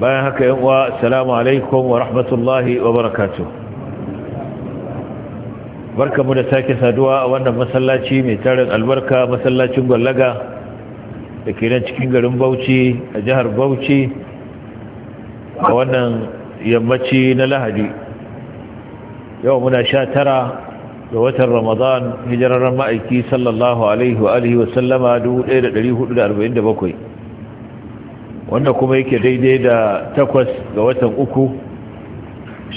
bayan haka yan uwa assalamu alaikum wa rahmatullahi wa barakatuh barkamu da sake saduwa a wannan masallaci mai tarin albarka masallacin gwallaga da ke nan cikin garin Bauchi a jihar Bauchi a wannan yammaci na Lahadi yau muna sha tara da watan Ramadan hijirar ma'aiki sallallahu alaihi alihi wa sallama 1447 wanda kuma yake daidai da takwas ga watan uku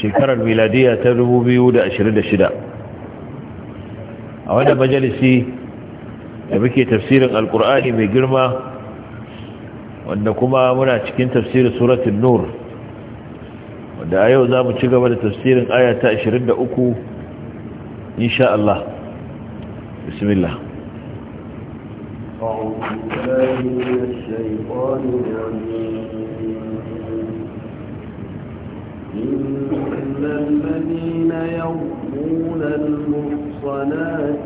shekarar miladiya ta 2026 a wadda majalisi da muke tafsirin alkur'ani mai girma wanda kuma muna cikin tafsirin suratun nur wanda a yau za mu ci gaba da tafsirin aya ta 23 insha Allah bismillah أعوذ بالله من الشيطان الرجيم إن الذين المؤمنات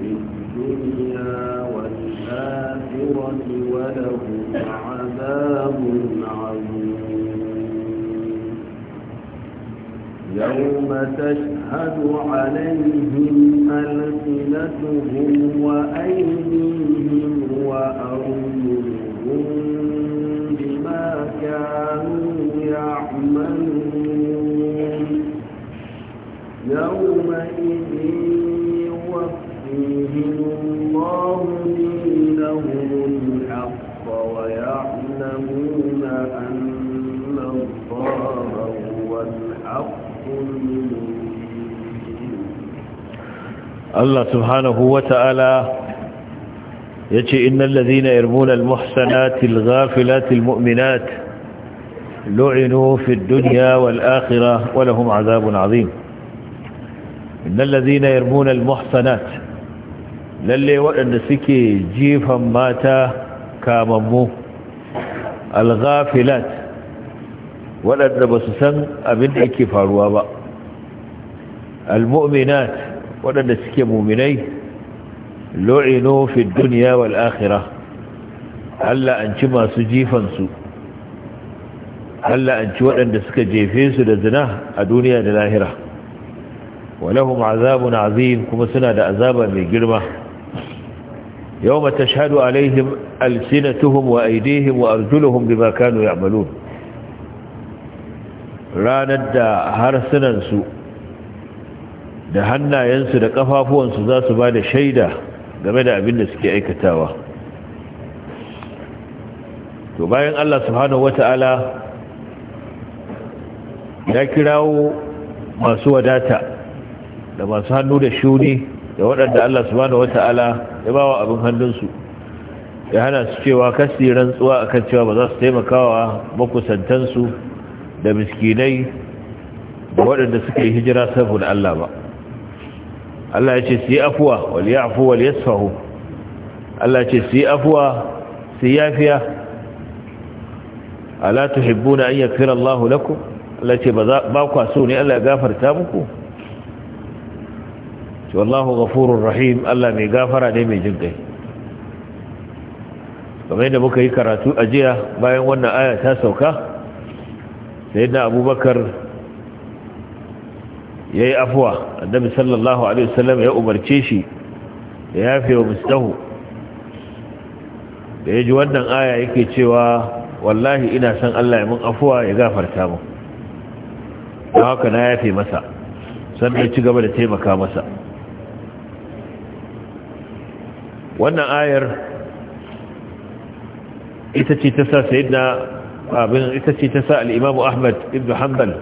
في الدنيا والآخرة ولهم عذاب عظيم يوم تشهد عليهم ألسنتهم وأيديهم وأرجلهم بما كانوا يعملون يومئذ يوفيهم الله دينهم الحق ويعلمون أن الله هو الحق الله سبحانه وتعالى يجي إن الذين يرمون المحسنات الغافلات المؤمنات لعنوا في الدنيا والآخرة ولهم عذاب عظيم إن الذين يرمون المحسنات للي وأن سكي جيفا ماتا كاممو الغافلات waɗanda ba su san abin da yake faruwa ba al-mu'minat waɗanda suke muminai lu'inu fi dunya wal Allah an ci masu jifan su Allah an ci waɗanda suka jefe su da zina a duniya da lahira walahum azabun azim kuma suna da azaba mai girma mata shaɗu alaihim alsinatuhum wa aydihim wa bi bima kanu ya'malun ranar da harsunansu da hannayensu da kafafuwansu za su ba da shaida game da abin da suke aikatawa to bayan Allah subhanahu wata'ala ya kirawo masu wadata da masu hannu da shuni da waɗanda Allah subhanahu wata'ala ya bawa abin hannunsu ya hana su cewa kasi rantsuwa akan cewa ba za su taimakawa makusantansu da miskinai da waɗanda suka yi hijira saboda Allah ba Allah ya ce su yi afuwa ya wal ya'fu ya yasfahu Allah ya ce su yi afuwa su yi yafiya ala tuhibbuna an yaghfira Allahu lakum Allah ya ce ba kwa so ne Allah ya gafarta muku ce wallahu ghafurur rahim Allah mai gafara ne mai jin kai kamar yadda muka yi karatu a jiya bayan wannan aya ta sauka sayyidina abubakar ya yi afuwa annabi sallallahu alaihi wasallam ya umarce shi ya yafe wa mustahu da ya ji wannan aya yake cewa wallahi ina san Allah ya mun afuwa ya gafarta mu don haka na yafe masa sannan ci gaba da taimaka masa wannan ayar ita ce ta sa sayyidina تسي آه، تساءل الامام أحمد بن حنبل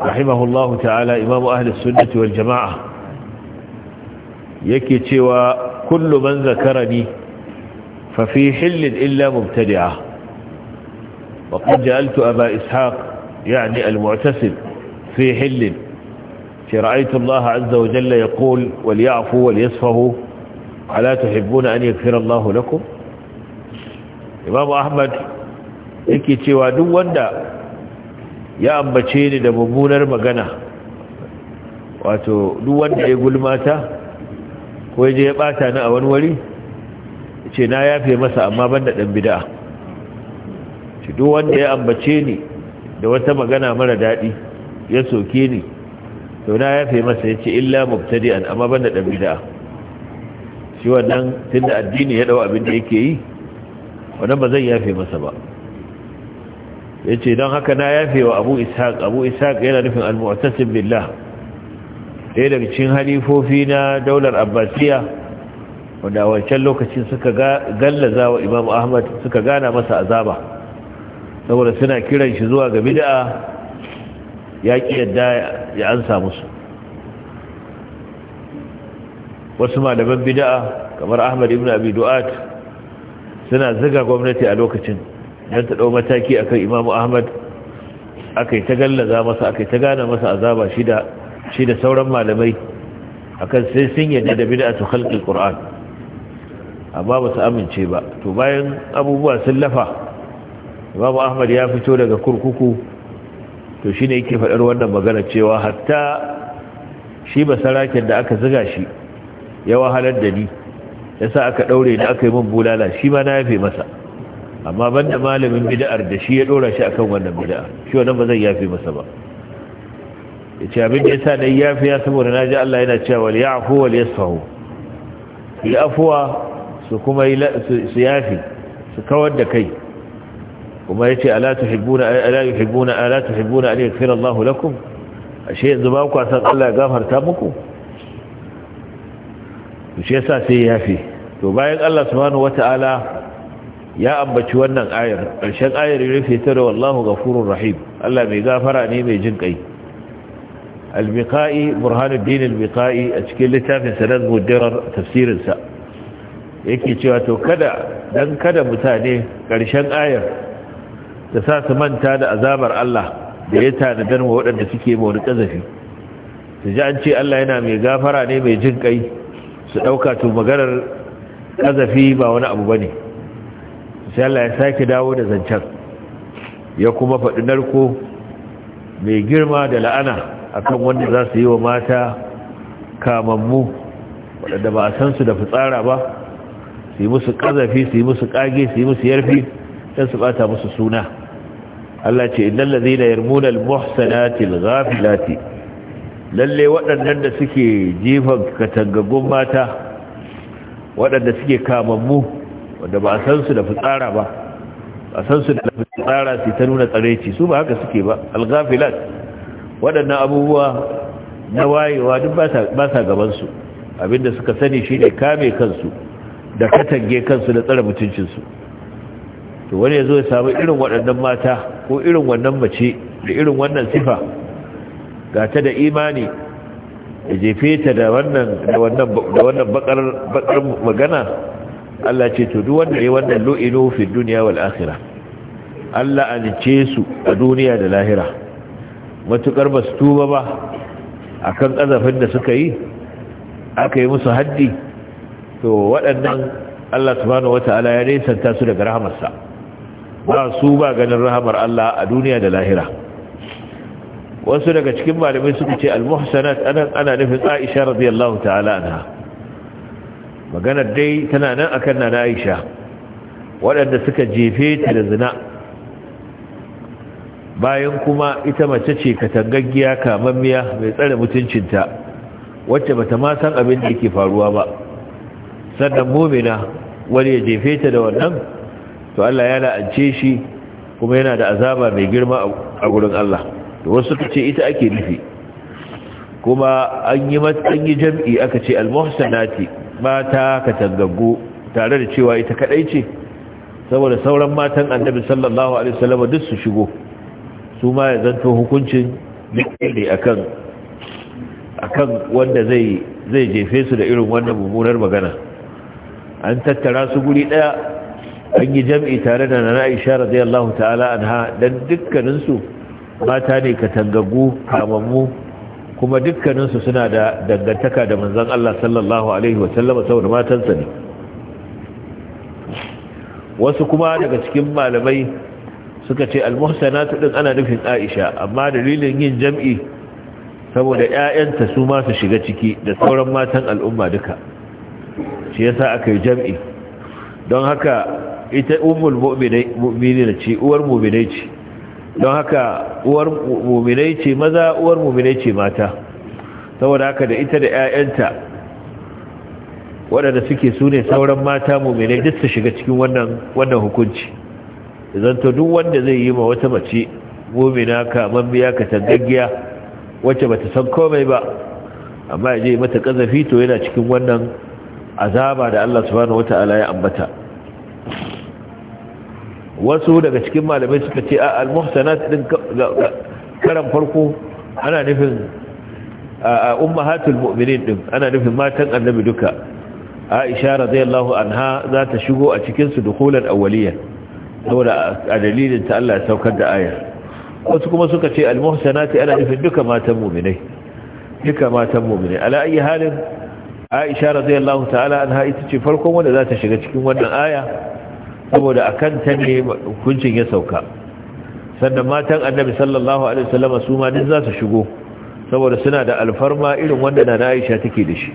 رحمه الله تعالى إمام أهل السنة والجماعة يكتي كل من ذكرني ففي حل إلا مبتدعة وقد جعلت أبا إسحاق يعني المعتسب في حل فرأيت الله عز وجل يقول وليعفوا وليصفه الا تحبون أن يغفر الله لكم؟ imamu ahmad yake cewa duk wanda ya ambace ni da mummunar magana wato duk wanda ya gulmata ko je ya bata ni a wani wuri ce na yafe masa amma ban da dan bid'a shi duk wanda ya ambace ni da wata magana mara daɗi ya soke ni to na yafe masa yace illa mubtadi'an amma ban da dan bid'a shi wannan tunda addini ya dau abin da yake yi wannan ba zai yafe masa ba Ya ce don haka na yafe wa abu ishaq abu ishaq yana nufin al-mu'tasim billah ɗaya daga cikin halifofi na daular abbasiya wanda a wancan lokacin suka gallaza wa imam ahmad suka gana masa azaba saboda suna kiran shi zuwa ga bid'a ya yadda ya ansa musu wasu malaman bid'a kamar ahmad ibn abi du'at suna ziga gwamnati a lokacin don ta ɗau mataki akan imamu ahmad aka yi ta gallaza masa aka yi ta gane masa azaba shi da sauran malamai akan sai sun yadda da bida su halƙin ƙur'an amma ba su amince ba to bayan abubuwa sun lafa imamu ahmad ya fito daga kurkuku to shi ne yake faɗar wannan magana cewa hatta shi sarakin da aka ziga shi ya wahalar da ni ya sa aka ɗaure da aka yi min bulala shi ma na yafe masa amma ban da malamin bida'ar da shi ya ɗora shi akan wannan bida'a shi wannan ba zan yafe masa ba ya ce abin da ya sa na yafe ya saboda na ji Allah yana cewa wal ya'fu wal yasfahu yi afuwa su kuma su yafe su kawar da kai kuma ya ce ala tuhibbuna ala yuhibbuna ala tuhibbuna an yaghfira Allahu lakum ashe yanzu ba ku san Allah ya ta muku to shi yasa sai ya yafe to bayan Allah subhanahu wata'ala ya ambaci wannan ayar ƙarshen ayar ya rufe ta da wallahu ghafurur rahim Allah mai gafara ne mai jin kai al-biqai burhanuddin al-biqai a cikin littafin sanan mudirar tafsirin sa yake cewa to kada dan kada mutane ƙarshen ayar da sa su manta da azabar Allah da ya tanadar wa waɗanda suke mawar ƙazafi su ji an ce Allah yana mai gafara ne mai jin ƙai su ɗauka to maganar ƙazafi ba wani abu ba ne sai Allah ya sake dawo da zancen ya kuma faɗi narko mai girma da la'ana akan wanda za su yi wa mata kamammu waɗanda ba a san su da fitsara ba su yi musu ƙazafi su yi musu ƙage su yi musu yarfi don su ɓata musu suna Allah ce innan lazina yarmuna al-muhsanati ghafilati lalle waɗannan da suke jifan katangagun mata waɗanda suke kamammu wanda ba a san su da fitsara ba a san su da fitsara su ta nuna tsareci su ba haka suke ba algafilat waɗannan abubuwa na wayewa duk ba sa gabansu abinda suka sani shi ne kame kansu da katange kansu da tsara mutuncinsu to wani ya zo ya samu irin waɗannan mata ko irin wannan mace da irin wannan sifa ga ta da imani da jefe ta da wannan da wannan bakar magana Allah ce to duk wanda ya wannan lu'inu fi duniya wal akhirah Allah alice su a duniya da lahira matukar ba su tuba ba akan kazafin da suka yi aka yi musu haddi to waɗannan Allah subhanahu wataala ya nesanta su daga rahamarsa ba su ba ganin rahamar Allah a duniya da lahira wasu daga cikin malamai suka ce al-muhsanat anan ana nufin Aisha radiyallahu ta'ala anha maganar dai tana nan akan Nana Aisha waɗanda suka jefe ta da zina bayan kuma ita mace ce katangaggiya kamammiya mai tsare mutuncinta wacce bata ma san abin da yake faruwa ba sannan mumina wani ya jefe ta da wannan to Allah ya la'ance shi kuma yana da azaba mai girma a gurin Allah to wasu suka ce ita ake nufi kuma an yi jam'i aka ce almuhsanati mata katangaggu tare da cewa ita kadai ce saboda sauran matan annabi sallallahu alaihi wasallam duk su shigo su ma ya zanto hukuncin ne akan wanda zai jefe su da irin wannan mummunar magana an tattara su guri ɗaya. an yi jam'i tare da nana Aisha radiyallahu ta'ala anha dan dukkanin mata ne katangagu kamammu kuma dukkaninsu suna da dangantaka da manzan Allah sallallahu Alaihi wasallama saboda matansa ne wasu kuma daga cikin malamai suka ce almuhsanatu din ana nufin Aisha amma dalilin yin jam'i saboda 'ya'yanta su masu shiga ciki da sauran matan al'umma duka shi ya sa aka yi jam'i don haka ita ummul mu'minai ce uwar mu'minai ce don haka uwar muminai ce maza uwar muminai ce mata saboda haka da ita da 'ya'yanta waɗanda suke su ne sauran mata muminai duk su shiga cikin wannan wannan hukunci zanto duk wanda zai yi ma wata mace mumina ka biya ka tangaggiya wacce bata san komai ba amma ya je mata ƙazafi to yana cikin wannan azaba da Allah subhanahu ala ya ambata wasu daga cikin malamai suka ce a al-muhsanat din karan farko ana nufin ummahatul mu'minin din ana nufin matan annabi duka Aisha radiyallahu anha za ta shigo a cikin su dukhulan awwaliyan saboda a dalilin ta Allah ya saukar da aya wasu kuma suka ce al-muhsanati ana nufin duka matan mu'minai duka matan mu'minai ala ayi halin Aisha radiyallahu ta'ala anha ita ce farkon wanda za ta shiga cikin wannan aya saboda a kan ta ne hukuncin ya sauka sannan matan annabi sallallahu alaihi wasallam su ma za su shigo saboda suna da alfarma irin wanda na Aisha take da shi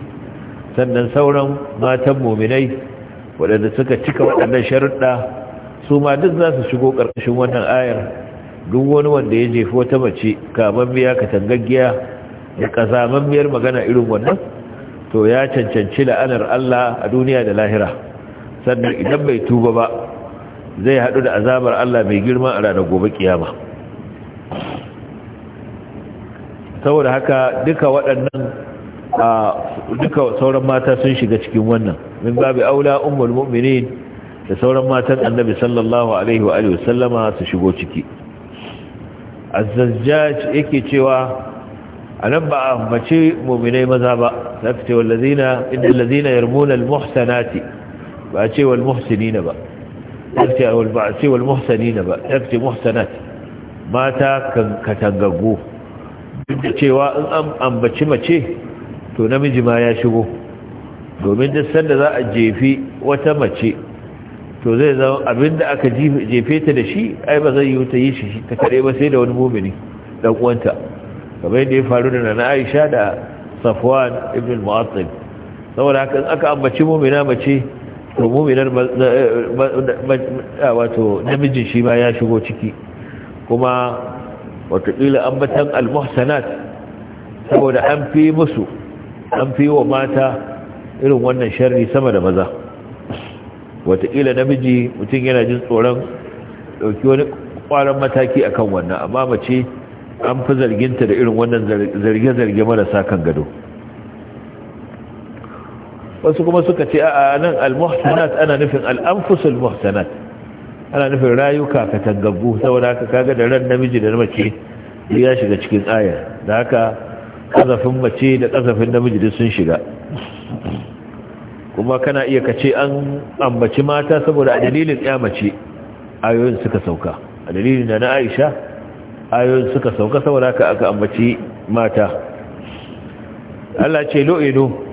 sannan sauran matan mu'minai waɗanda suka cika waɗannan sharuɗa su ma duk za su shigo ƙarƙashin wannan ayar duk wani wanda ya jefi wata mace kamammiya katangaggiya da biyar magana irin wannan to ya cancanci la'anar Allah a duniya da lahira sannan idan bai tuba ba zai haɗu da azabar Allah mai girma a ranar gobe kiyama saboda haka duka waɗannan duka sauran mata sun shiga cikin wannan min babu aula ummul mu'minin da sauran matan annabi sallallahu alaihi wa alihi wasallama su shigo ciki azzajjaj yake cewa anan ba a mace mu'minai maza ba sai ce wallazina innal ladina yarmuna al muhsanati ba ce wal muhsinina ba tafti wal ba ce ba tafti muhsanat mata kan katangaggo duk cewa in an ambaci mace to namiji ma ya shigo domin duk sanda za a jefi wata mace to zai zama abinda aka jefe ta da shi ai ba zai yi ta yi shi ta kare ba sai da wani mumini dan uwanta kamar yadda ya faru da nana Aisha da Safwan ibn al saboda haka aka ambaci mumina mace to muminar eh, wato namijin shi ma ya shigo ciki kuma watakila ambatan almuhsanat saboda an fi musu an fi wa mata irin wannan sharri sama da maza watakila namiji mutum yana jin tsoron dauki wani kwaran mataki akan wannan amma mace an fi zarginta da irin wannan zarge-zarge marasa kan gado wasu kuma suka ce a nan al-muhsanat ana nufin al-anfusul muhsanat ana nufin rayuka katangaggu saboda haka kaga da ran namiji da mace ya shiga cikin ayar da haka kazafin mace da kazafin namiji duk sun shiga kuma kana iya kace an ambaci mata saboda a dalilin ya mace ayoyin suka sauka a dalilin da na Aisha ayoyin suka sauka saboda haka aka ambaci mata Allah ce lo'ino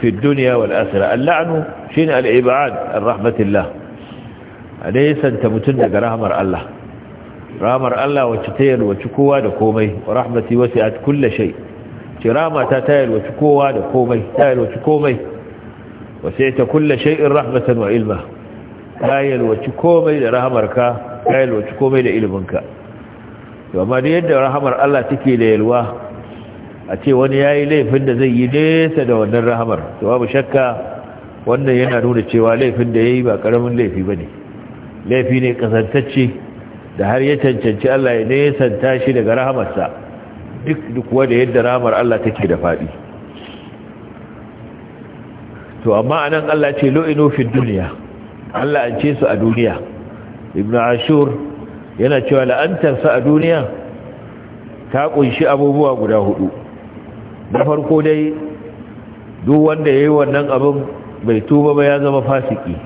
في الدنيا والآخرة اللعن شين الإبعاد عن رحمة الله أليس أنت متنك رحمة الله رحمة الله وتتيل وتكوى دكومي ورحمتي وسعت كل شيء رحمة تتيل وتكوى دكومي تتيل وتكومي وسعت كل شيء رحمة وعلمة تتيل وتكومي لرحمرك تتيل وتكومي لإلمنك وما يد رحمة الله تكي ليلوه a ce wani ya yi laifin da zai yi nesa da wannan rahamar to babu shakka wannan yana nuna cewa laifin da ya yi ba ƙaramin laifi ba ne laifi ne kasantacce da har ya cancanci Allah ya nesanta tashi daga rahamarsa duk duk wanda yadda rahamar Allah take da faɗi to amma anan Allah ce lo'inu fi duniya Allah an ce su a duniya ibn ashur yana cewa la'antarsa a duniya ta kunshi abubuwa guda hudu da farko dai duk wanda ya yi wannan abin bai tuba ba ya zama fasiki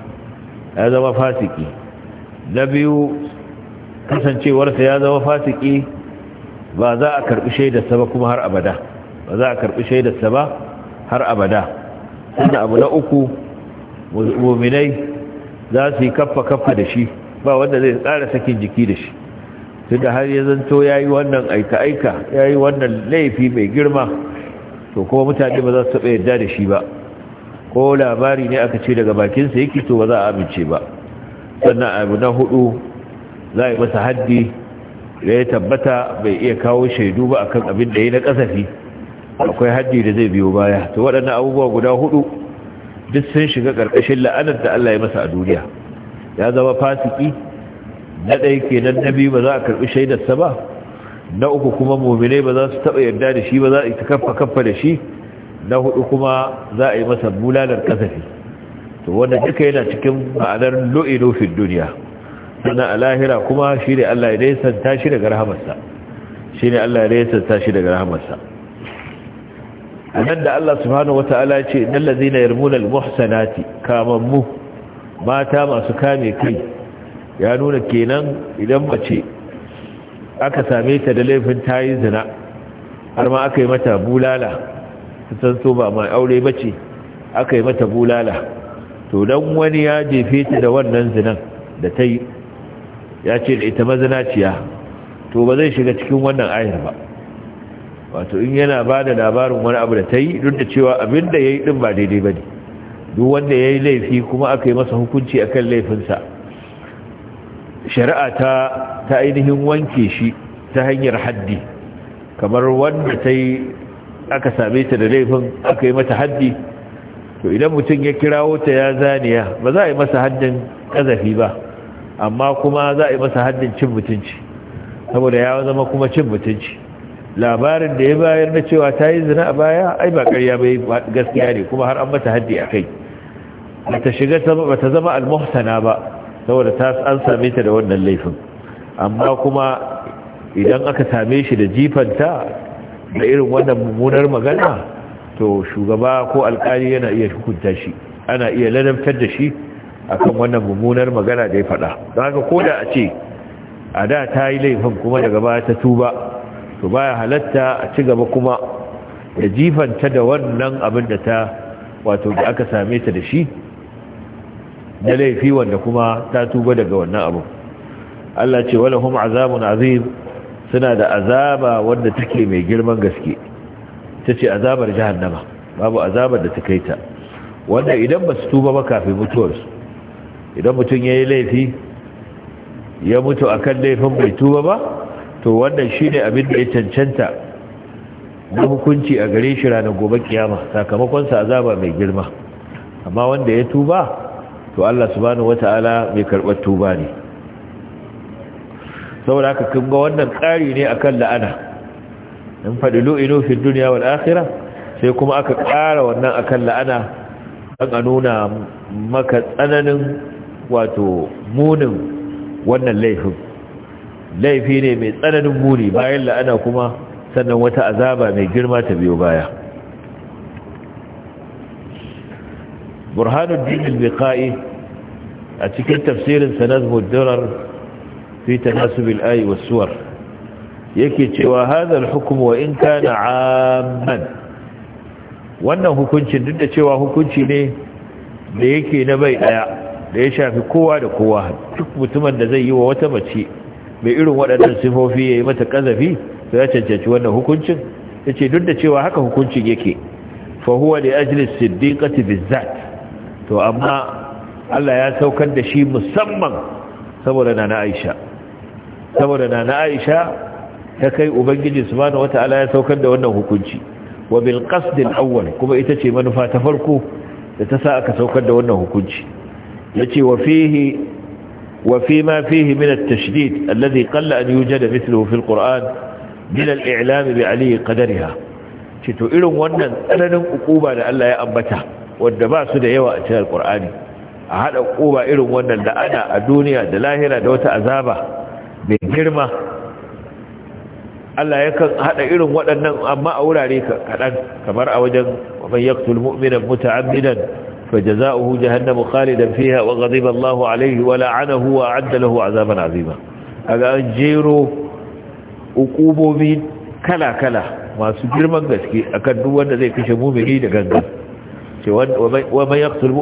ya zama fasiki na biyu kasancewarsa ya zama fasiki ba za a karɓi shaidarsa ba kuma har abada ba za a karbi shaidarsa ba har abada abu na uku muminai za su yi kaffa-kaffa da shi ba wanda zai tsara sakin jiki da shi da har ya zanto yayi yi wannan aika-aika ya yi wannan laifi mai girma to kuma mutane ba za su taɓa yarda da shi ba ko labari ne aka ce daga bakin bakinsa yake to ba za a amince ba sannan abu na hudu za a masa haddi da ya tabbata bai iya kawo shaidu ba akan abin da ya na kasafi akwai haddi da zai biyo baya to waɗannan abubuwa guda hudu duk sun shiga ƙarƙashin la'anar da Allah ya masa a duniya ya zama fasiki na ɗaya kenan na biyu ba za a karɓi shaidarsa ba na uku kuma muminai ba za su taɓa yarda da shi ba za a kaffa kaffa da shi na hudu kuma za a yi masa bulalar kasafi to wanda duka yana cikin ma'anar lo'ilo fi duniya sannan a lahira kuma shi ne Allah ya nesanta shi daga rahamarsa shi ne Allah ya nesanta shi daga rahamarsa a nan da Allah subhanahu wa ta'ala ce nan lazina muhsanati kaman kamammu mata masu kame kai ya nuna kenan idan mace aka same ta da laifin ta yi zina har ma aka yi mata bulala san so ba mai aure ba ce aka yi mata bulala to don wani ya jefe ta da wannan zinan da ta yi ya ce da ita mazinaciya to ba zai shiga cikin wannan ayar ba wato in yana ba da labarin wani abu da ta yi duk da cewa abin da ya yi din ba daidai ba ne duk wanda ya yi laifi kuma aka yi masa hukunci a kan laifinsa shari'a ta ta ainihin wanke shi ta hanyar haddi kamar wanda ta yi aka same ta da laifin aka yi mata haddi to idan mutum ya kirawo ta ya zaniya ba za a yi masa haddin ƙazafi ba amma kuma za a yi masa haddin cin mutunci saboda ya zama kuma cin mutunci labarin da ya bayar na cewa ta yi zina a baya ai ba ƙarya bai gaskiya ne kuma har an mata haddi a kai ba ta shiga ta zama almuhsana ba saboda ta an same ta da wannan laifin amma kuma idan aka same shi da jifanta da irin wannan mummunar magana to shugaba ko alkali yana iya hukunta shi ana iya ladabtar da shi akan wannan mummunar magana da ya faɗa don haka ko da a ce a da ta yi laifin kuma daga baya ta tuba to baya halatta a ci gaba kuma da jifanta da wannan abin da ta wato da aka same ta da shi na laifi wanda kuma ta tuba daga wannan abu Allah ce wala hum azabun azim suna da azaba wanda take mai girman gaske ta ce azabar jahannama babu azabar da ta kai ta wanda idan ba su tuba ba kafin mutuwarsu idan mutum ya yi laifi ya mutu akan laifin bai tuba ba to wannan shine abin da ya cancanta na hukunci a gare shi ranar gobe kiyama sakamakonsa azaba mai girma amma wanda ya tuba to Allah subhanahu wata'ala mai karbar tuba ne saboda haka kun ga wannan ƙari ne akan la'ana in faɗi lu'inu fi duniya wal akhirah sai kuma aka ƙara wannan akan la'ana dan a nuna maka tsananin wato munin wannan laifin laifi ne mai tsananin muni bayan la'ana kuma sannan wata azaba mai girma ta biyo baya burhanuddin al-biqai a cikin tafsirin sanadhu durar fi tanasub al-ayi was-suwar yake cewa hadha al-hukm wa in kana 'amman wannan hukuncin duk da cewa hukunci ne da yake na bai daya da ya shafi kowa da kowa duk mutumin da zai yi wa wata mace mai irin waɗannan sifofi ya yi mata kazafi to ya cancanci wannan hukuncin ya ce duk da cewa haka hukuncin yake fahuwa da ajiyar siddiƙati bizzat to amma Allah ya saukar da shi musamman saboda nana Aisha saboda nana Aisha ta kai ubangiji subhanahu wataala ya saukar da wannan hukunci wa bil qasd al awwal kuma ita ce manufa ta farko da ta sa aka saukar da wannan hukunci yace wa fihi wa fi ma fihi min at tashdid alladhi qalla an yujada mithluhu fi al qur'an min al i'lam bi ali qadariha ce to irin wannan tsananin ukuba da Allah ya ambata Wadda ba su da yawa a cikin alkur'ani a hada koba irin wannan da ana a duniya da lahira da wata azaba mai girma Allah yakan hada irin waɗannan amma a wurare kaɗan kamar a wajen man yaqtul mu'mina muta'ammidan fajaza'uhu jahannamu khalidan fiha wa ghadiba Allahu alayhi wa la'anahu wa a'adda lahu 'azaban 'azima kaga an jero ukubobi kala-kala masu girman gaske akan duk wanda zai kashe mumini da gangan ce wa man yaqtul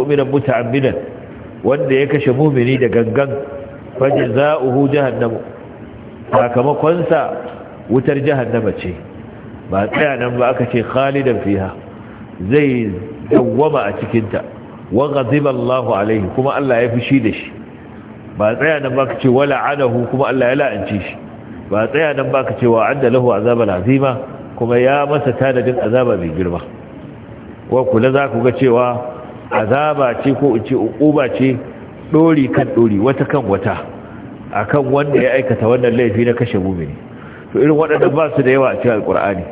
wanda ya kashe mu'mini da gangan fajza'uhu za'uhu jahannamu. Sakamakonsa wutar jahannama ce ba tsaya nan ba aka ce khalidan fiha zai dawwama a cikinta. wa ghadiba Allahu alaihi kuma Allah ya fushi da shi ba tsaya nan ba ka ce wala anahu kuma Allah ya la'anci shi ba tsaya nan ba ka ce wa adda lahu azaban azima kuma ya masa tanadin azaba mai girma wa kula za ku ga cewa azaba ce ko ce uquba ce dori kan dori wata kan wata akan wanda ya aikata wannan laifi na kashe mumini to irin waɗannan ba su da yawa a cikin alkur'ani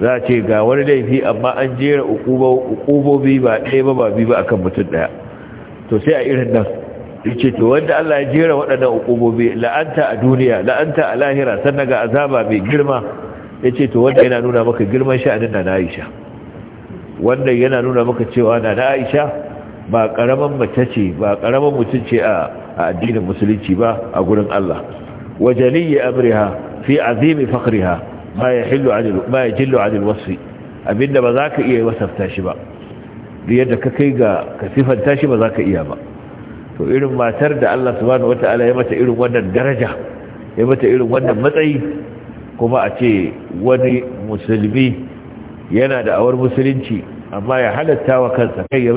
za a ce ga wani laifi amma an jera uqubobi ba ɗaya ba ba biyu ba akan mutum ɗaya to sai a irin nan yace to wanda Allah ya jera waɗannan uqubobi la'anta a duniya la'anta a lahira sannan ga azaba mai girma yace to wanda yana nuna maka girman sha'anin da na Aisha wannan yana nuna maka cewa na da aisha ba karaman mace ce ba karaman mutum ce a addinin musulunci ba a gurin Allah wajaliyyi amriha fi azimi fakhriha ma yahillu anil ma wasfi abinda ba za ka iya wasafta shi ba yadda ka kai ga ka sifanta shi ba za ka iya ba to irin matar da Allah subhanahu wataala ya mata irin wannan daraja ya mata irin wannan matsayi kuma a ce wani musulmi yana da awar musulunci amma ya halatta wa kansa kai ya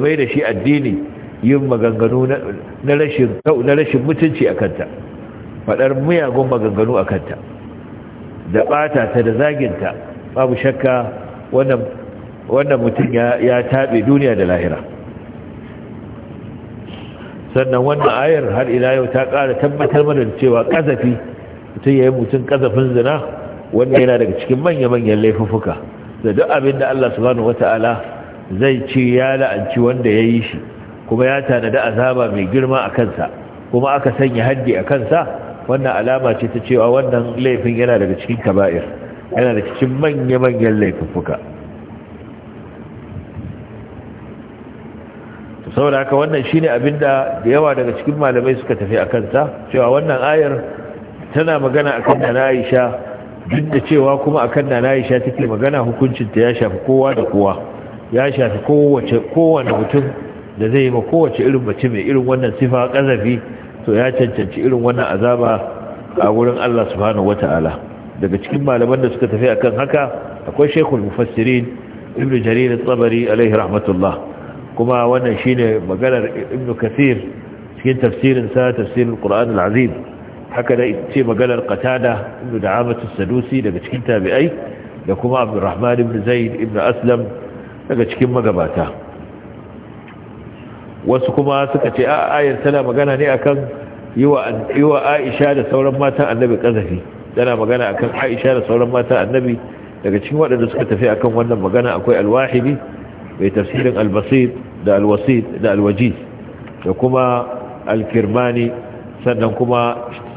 mai da shi addini yin maganganu na rashin mutunci a kanta faɗar miyagun maganganu a kanta da ɓata ta da zaginta babu shakka wannan mutum ya taɓe duniya da lahira sannan wannan ayar har ila yau ta ƙara tabbatar mana cewa ƙazafi mutum ya yi mutum ƙazafin zina wanda yana daga cikin manya-manyan laifuka da duk abin da Allah subhanahu wata'ala zai ce ya la'anci wanda ya yi shi kuma ya tanada azaba mai girma a kansa kuma aka sanya haddi a kansa wannan alama ce ta cewa wannan laifin yana daga cikin kaba'ir yana daga cikin manya-manyan laifuka. saboda haka wannan shine abin da yawa daga cikin malamai suka tafi a kansa cewa wannan ayar tana magana akan da na Aisha duk da cewa kuma akan nana Aisha take magana hukuncin ta ya shafi kowa da kowa ya shafi kowace kowanne mutum da zai yi ma kowace irin mace mai irin wannan sifa kazafi to ya cancanci irin wannan azaba a wurin Allah subhanahu wataala daga cikin malaman da suka tafi akan haka akwai Sheikhul Mufassirin ibnu Jarir al-Tabari alaihi rahmatullah kuma wannan shine maganar ibnu Kathir cikin tafsirin sa tafsirin Qur'an al-Azim haka da ce maganar qatada da da'amatu sadusi daga cikin tabi'ai da kuma abdurrahman ibn zaid ibn aslam daga cikin magabata wasu kuma suka ce a ayar tana magana ne akan yiwa aisha da sauran matan annabi kazafi tana magana akan aisha da sauran matan annabi daga cikin waɗanda suka tafi akan wannan magana akwai alwahibi mai tafsirin albasir da alwasid da alwaji da kuma alkirmani sannan kuma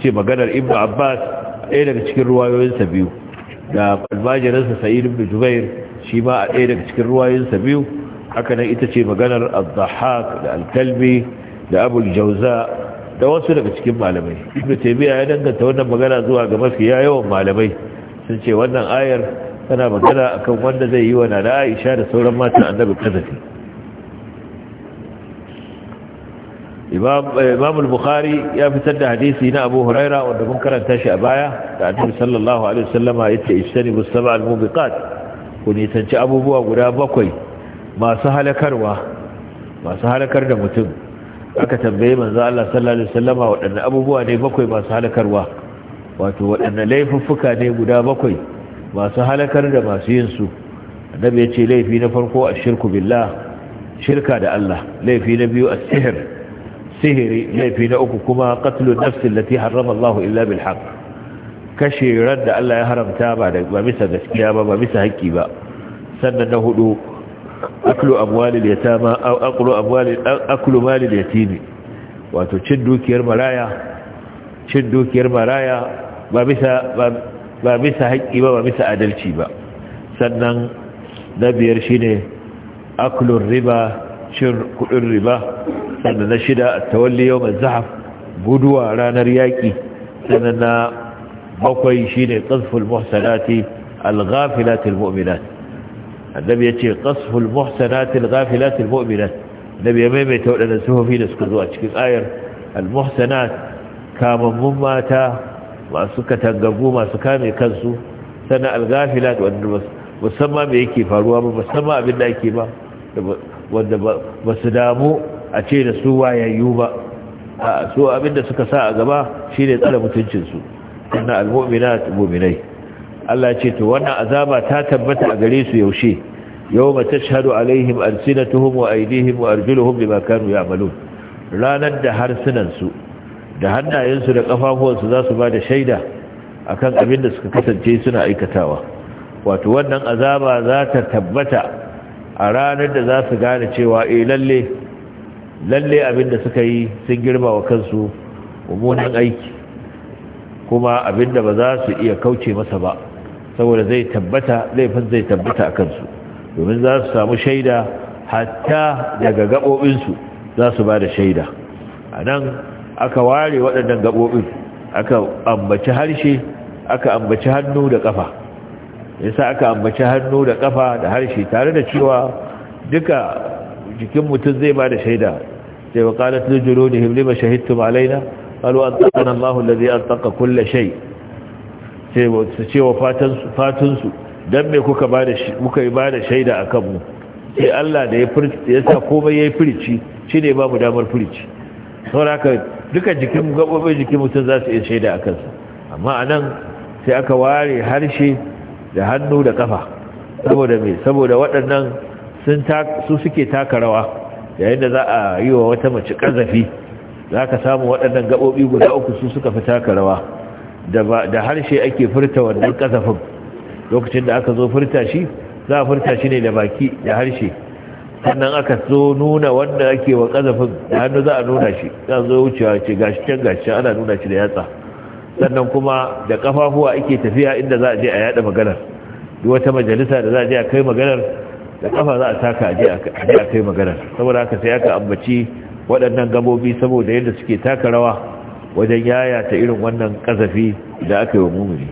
ce maganar ibn abbas ɗaya daga cikin ruwayoyinsa biyu da albajirinsa sa'id ibn jubair shi ma a ɗaya daga cikin ruwayoyinsa biyu haka nan ita ce maganar al da al-kalbi da abul jauza da wasu daga cikin malamai ibn taymiya ya danganta wannan magana zuwa ga ya yawan malamai sun ce wannan ayar tana magana akan wanda zai yi wa na da Aisha da sauran matan annabi kazafi Eh, imam al-bukhari ya fitar da hadisi na abu huraira wanda mun karanta shi a baya da annabi sallallahu alaihi wasallama yace al-mubiqat abubuwa guda bakwai masu halakarwa masu halakar da mutum aka tambaye manzo Allah sallallahu alaihi wasallama waɗanne abubuwa ne bakwai masu halakarwa wato laifuffuka ne guda bakwai masu halakar da masu yin su annabi yace laifi na farko ashirku billah shirka da Allah laifi na biyu as-sihr sihiri laifi na uku kuma qatlu nafsin lati harrama Allah illa bil haqq kashe ran da Allah ya haramta ba da ba bisa gaskiya ba ba bisa haƙƙi ba sannan na hudu aklu amwalil yatama aw aqlu amwalil aklu malil yatim wato cin dukiyar maraya cin dukiyar maraya ba bisa ba bisa haƙƙi ba ba bisa adalci ba sannan na biyar shine aklur riba cin kudin riba sannan na shida tawalli yau mai zahaf guduwa ranar yaƙi sannan na bakwai shi ne ƙasful muhsanati al-ghafilatil mu'minat annabi ya ce ƙasful muhsanati al-ghafilatil mu'minat annabi ya maimaita waɗannan sufofi da suka zo a cikin ayar al-muhsanat kamammun mata masu katangagu masu kame kansu sannan al-ghafilat wanda musamman me yake faruwa ba musamman abin da ake ba wanda ba su damu a ce da su wayayyu ba a su abinda suka sa a gaba shi ne tsara mutuncinsu Kuna al'ummina muminai Allah ce to wannan azaba ta tabbata a gare su yaushe yau ma tashhadu alaihim alsinatuhum wa aydihim wa arjuluhum bima kanu ya'malun ranar da harsunansu da hannayensu da kafafuwansu za su ba da shaida akan abin da suka kasance suna aikatawa wato wannan azaba za ta tabbata a ranar da za su gane cewa eh lalle lalle abinda suka yi sun girma wa kansu mummunan aiki kuma abinda ba za su iya kauce masa ba saboda zai tabbata laifin zai tabbata a kansu domin za su samu shaida hatta daga gaɓoɓinsu za su ba da shaida a nan aka ware waɗannan gaɓoɓin aka ambaci harshe aka ambaci hannu da ƙafa yasa aka ambaci hannu da ƙafa da harshe tare da cewa duka jikin mutum zai ba da shaida sai wa da li juludihim lima shahidtum alaina qalu attaqana Allahu an attaqa kull shay sai su ce wa fatan su fatan su dan me kuka ba da muka yi ba da shaida akan mu sai Allah da ya furci ya sa komai yayi furci shine ba mu damar furci saboda duka jikin gabobin jikin mutum za su iya shaida a sa amma a nan sai aka ware harshe da hannu da kafa saboda me saboda waɗannan sun su suke taka rawa yayin da za a yi wa wata mace kazafi za ka samu waɗannan gaɓoɓi guda uku su suka fi taka rawa da harshe ake furta wannan kazafin lokacin da aka zo furta shi za a furta shi ne da baki da harshe sannan aka zo nuna wanda ake wa kazafin da hannu za a nuna shi za a zo wucewa ce gashi can gashi ana nuna shi da yatsa sannan kuma da kafafuwa ake tafiya inda za a je a yada maganar wata majalisa da za a je a kai maganar da kafa za a taka a je a kai maganar saboda haka sai aka ambaci waɗannan gabobi saboda yadda suke taka rawa wajen yaya ta irin wannan kazafi da aka yi wa mumuni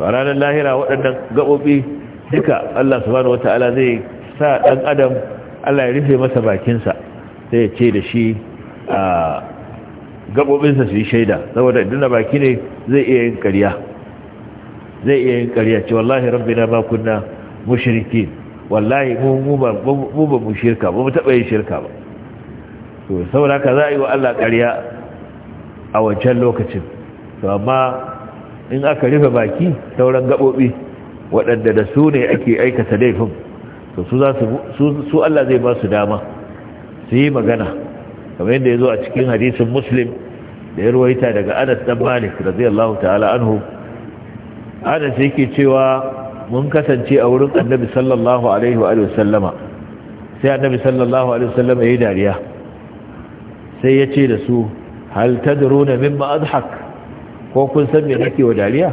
a ranar lahira waɗannan gabobi duka Allah subhanahu wata'ala zai sa ɗan adam Allah ya rufe masa bakinsa sai ya ce da shi a ah, gabobinsa su yi shaida saboda idan baki ne zai iya yin ƙarya zai iya yin ƙarya ce wallahi rabbina ma kunna mushriki wallahi mu ba mu shirka ba mu taɓa yin shirka ba to saboda ka za a yi wa Allah ƙarya a wancan lokacin to amma in aka rufe baki sauran gabobi waɗanda da su ne ake aikata laifin to su Allah zai ba su dama su yi magana kamar yadda ya zo a cikin hadisin muslim da ya ruwaita daga anas dan malik radiyallahu ta'ala anhu anas yake cewa mun kasance a wurin annabi sallallahu alaihi wa sallama sai annabi sallallahu alaihi wa sallama yayi dariya sai ya ce da su hal tadruna mimma adhak ko kun san me nake wa dariya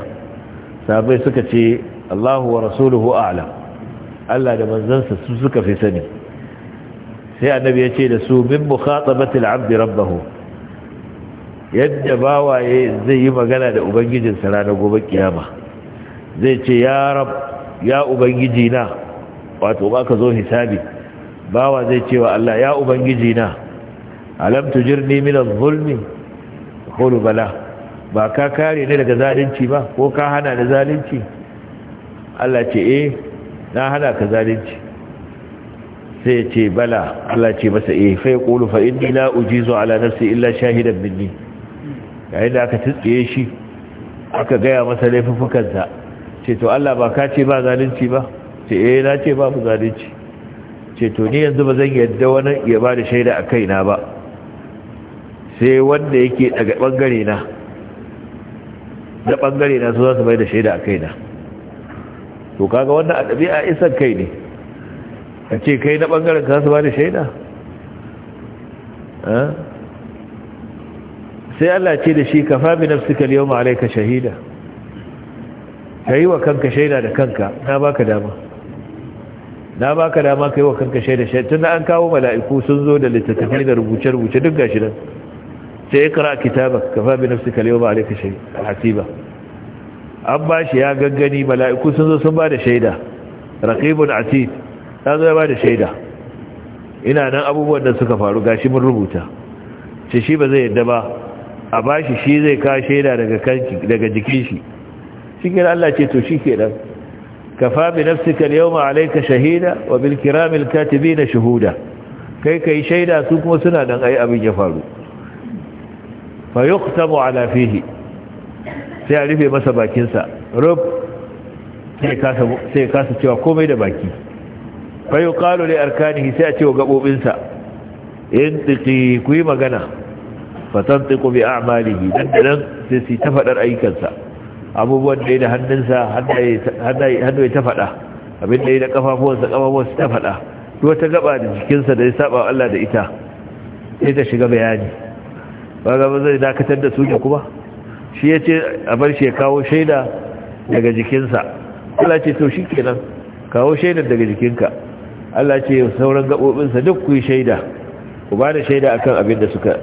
sabai suka ce Allahu wa rasuluhu a'lam Allah da manzansa su suka fi sani sai annabi ya ce da su min mukhatabatil abdi rabbahu yadda bawaye zai yi magana da ubangijinsa ranar gobe kiyama zai ce ya rab ya ubangiji na wato ba ka zo hisabi bawa zai ce wa Allah ya ubangiji na alam tujirni min az-zulmi qulu bala ba ka kare ni daga zalunci ba ko ka hana ni zalunci Allah ce eh na hana ka zalunci sai ya ce bala Allah ce masa eh fa ya qulu fa inni la ujizu ala nafsi illa shahidan minni yayin da aka tsiye shi aka gaya masa laifukansa ce to Allah ba ka ce ba zalunci ba ce eh na ce ba mu zalunci ce to ni yanzu ba zan yadda wani ya ba da shaida a kaina ba sai wanda yake daga bangare na da bangare na su za su bai da shaida a kaina to kaga wannan a ɗabi'a isan kai ne ka ce kai na ɓangaren kasu ba da shaida sai Allah ce da shi kafa bi nafsika al ma'alai ka shahida Ka yi wa kanka shaida da kanka na baka dama na baka dama yi wa kanka shaida da an kawo mala'iku sun zo da littattafai da rubuce rubuce duk gashi nan sai ikra kitabak kafa bi nafsika al-yawma alayka shahida hasiba an ba shi ya gangani mala'iku sun zo sun ba da shaida rakibun atid ta zo ya ba da shaida ina nan abubuwan da suka faru gashi mun rubuta ce shi ba zai yadda ba a bashi shi zai ka shaida daga jikin shi shi kira Allah ce to shi ke dan kafa bi nafsika al-yawma alayka shahida wa bil kiramil katibina shahuda kai kai shaida su kuma suna dan ai abin ya faru fa tamu ala fihi sai a rufe masa bakinsa rub sai kasa sai kasa cewa komai da baki fa yuqalu li arkanihi sai a ce wa gabobinsa in tiqi ku yi magana fa tantiqu bi a'malihi dan dan sai su ta fadar ayyukansa abubuwan da da hannunsa hannu ya ta fada abin da da kafafuwansa kafafuwansa ta fada to ta gaba da jikinsa da ya saba Allah da ita sai ta shiga bayani ba ga ba zai dakatar da su kuma shi ya ce a bar shi ya kawo shaida daga jikinsa Allah ce to shi kenan kawo shaidar daga jikinka Allah ce sauran gaɓoɓinsa duk kuyi shaida ku ba da shaida akan abin da suka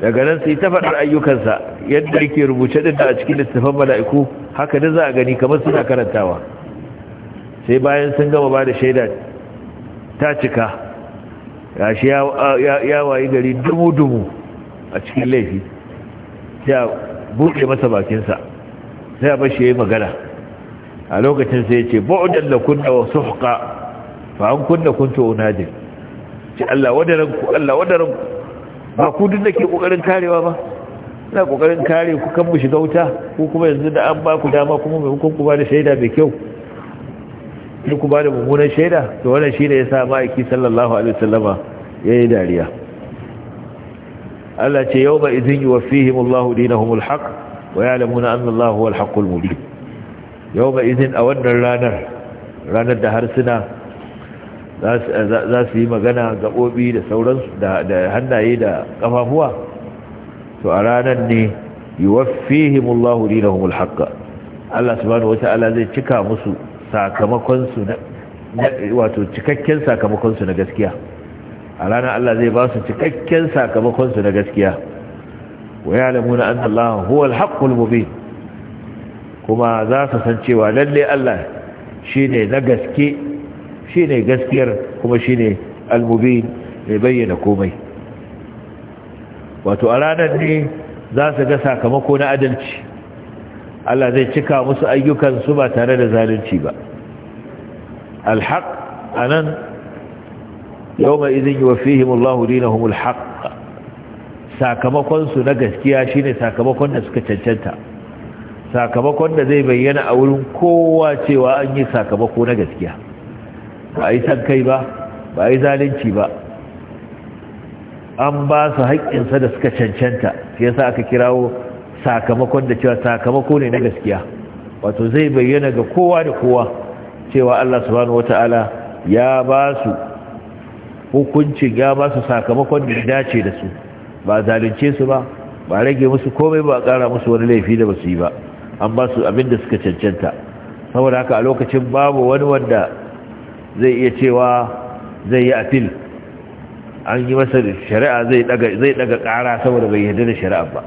daga nan sai ta faɗar ayyukansa yadda yake rubuce ɗin da a cikin littafan mala'iku haka da za a gani kamar suna karantawa sai bayan sun gama ba da shaida ta cika ya shi ya wayi gari dumu-dumu a cikin laifi sai a buɗe masa bakinsa sai a bashi ya yi magana a lokacin sai ya ce ba'udan da kunna wa suhka fa an kunna kuntu unajin ce Allah wadaranku Allah ku. ba ku duk nake kokarin karewa ba ina kokarin kare ku kan mu shiga wuta ko kuma yanzu da an ba ku dama kuma mai hukunku ba da shaida mai kyau ni ku ba da mummunan shaida to wannan shine yasa ma'aiki sallallahu alaihi wasallama yayi dariya Allah ce yawma idhin yuwaffihim Allahu dinahumul haqq wa ya'lamuna anna Allahu huwal haqqul mubin yawma idhin a wannan ranar ranar da harsuna za su yi magana gaɓoɓi da sauransu da hannaye da ƙafafuwa to a ranar ne yi wafihimullahu dinahumul haqqa Allah subhanahu wata'ala zai cika musu sakamakonsu wato cikakken sakamakonsu na gaskiya a ranar Allah zai ba su cikakken sakamakonsu na gaskiya wa na anna Allah huwal haqqul mubin kuma za su san cewa lalle Allah ne na gaske ne gaskiyar kuma ne almubi mai bayyana komai wato a ranar ne za su ga sakamako na adalci Allah zai cika musu ayyukansu ba tare da zalunci ba alhaq anan yawma idin yuwaffihim Allah dinahum alhaq sakamakon na gaskiya shine sakamakon da suka cancanta sakamakon da zai bayyana a wurin kowa cewa an yi sakamako na gaskiya ba yi san kai ba ba yi zalunci ba an ba su haƙƙinsa da suka cancanta sai sa aka kirawo sakamakon da cewa sakamako ne na gaskiya wato zai bayyana ga kowa da kowa cewa Allah subhanahu wata'ala ya ba su hukuncin ya ba su sakamakon da dace da su ba zalunce su ba ba rage musu komai ba ƙara musu wani laifi da ba su yi ba an ba su abin da suka cancanta saboda haka a lokacin babu wani wanda zai iya cewa zai yi atil an yi masa shari'a zai daga kara saboda bai yarda da shari'a ba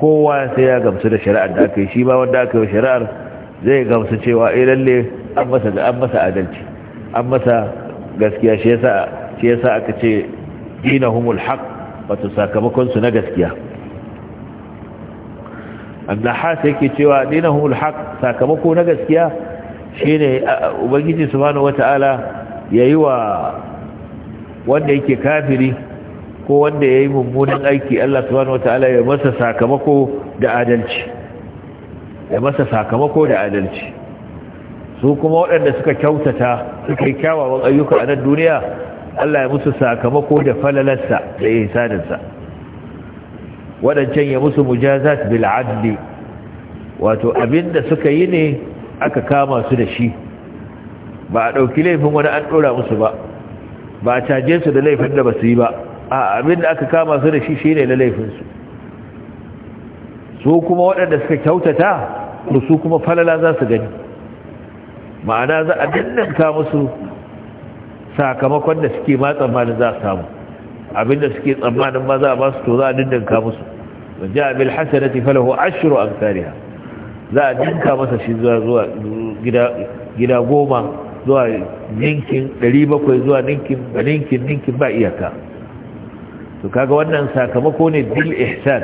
kowa sai ya gamsu da shari'a da aka yi shi ba wanda aka yi shari'ar zai gamsu cewa eh lalle an masa adalci an masa gaskiya shi yasa shi aka ce dinahumul haqq wato sakamakon su na gaskiya an hasa yake cewa dina humul haqq sakamako na gaskiya shine ubangiji subhanahu wata'ala yayi wa wanda yake kafiri ko wanda yayi mummunan aiki Allah subhanahu wata'ala ya masa sakamako da adalci ya masa sakamako da adalci su kuma waɗanda suka kyautata suka yi kyawawan ayyuka a nan duniya Allah ya musu sakamako da falalarsa da ihsaninsa waɗancan ya musu mujazat bil adli wato abinda suka yi ne aka kama su da shi ba a ɗauki laifin wani an ɗora musu ba ba a caje su da laifin da ba su yi ba a abin da aka kama su da shi shi ne na laifinsu su kuma waɗanda suka kyautata su kuma falala za su gani ma'ana za a dindanta musu sakamakon da suke ma tsammanin za a samu abin da suke tsammanin ma za a ba su to za a dindanta musu wajen abin hasanati falahu ashiru amsariha za a ɗinka masa shi zuwa gida goma zuwa ninkin 700 zuwa ninkin ba ninkin ninkin to kaga wannan sakamako ne bil ihsan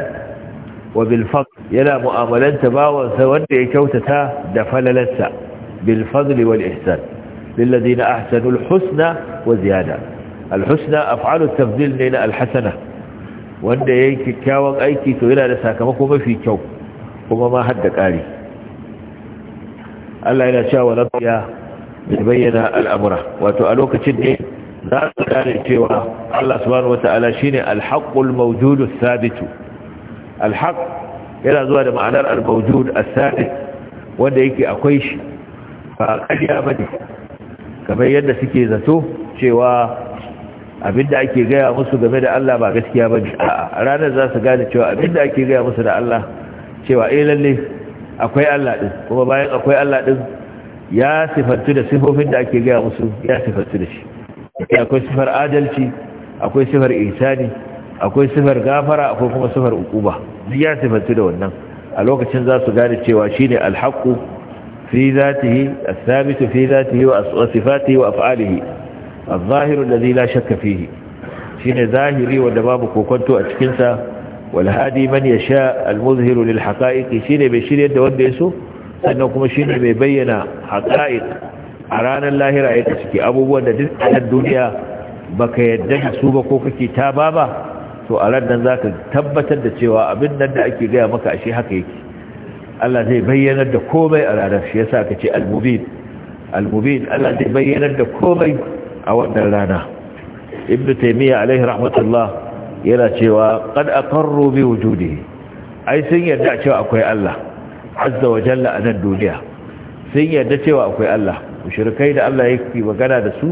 wa bil yana mu'amalanta bawansa wanda ya kyautata da falalansa. bil fadl wal ihsan lil ladina ahsanu al husna wa ziyada al husna af'alu tafdil lil al hasana wanda yake kyawun aiki to yana da sakamako mafi kyau kuma ma har ƙari. Allah yana cewa lafiya bayyana al'amura wato a lokacin ne za su gane cewa Allah subhanahu wata'ala shine alhaqul mawjudu thabitu alhaq yana zuwa da ma'anar al-mawjud as-sabit wanda yake akwai shi ba kariya bane kamar yadda suke zato cewa abinda ake gaya musu game da Allah ba gaskiya bane a ranar za su gane cewa abinda ake gaya musu da Allah cewa eh lalle akwai Allah ɗin kuma bayan akwai Allah ɗin ya sifantu da sifofin da ake gaya musu ya sifantu da shi akwai sifar adalci akwai sifar ihsani akwai sifar gafara akwai kuma sifar ukuba ya sifantu da wannan a lokacin za su gane cewa shine alhaqu fi zatihi athabitu fi zatihi wa sifatihi wa af'alihi الظاهر الذي لا شك فيه shine zahiri wanda babu kokonto a cikin sa والهادي من يشاء المظهر للحقائق شيني بشير يد وده يسو سنوكم شيني بيبين حقائق عرانا الله رأيك سكي أبو وده دل على الدنيا بك يدن سوبكوك كتابا با تو أردنا ذاك تبتا دسوا أبنا دعكي غير مكا أشي حقيقي الله زي بينا دكومي العرف شيساك شي المبين المبين الله زي بينا دكومي أو أن ابن تيمية عليه رحمة الله yana cewa qad aqarru bi wujudihi ai sun yarda cewa akwai Allah azza wa jalla a nan duniya sun yarda cewa akwai Allah mushrikai da Allah yake magana da su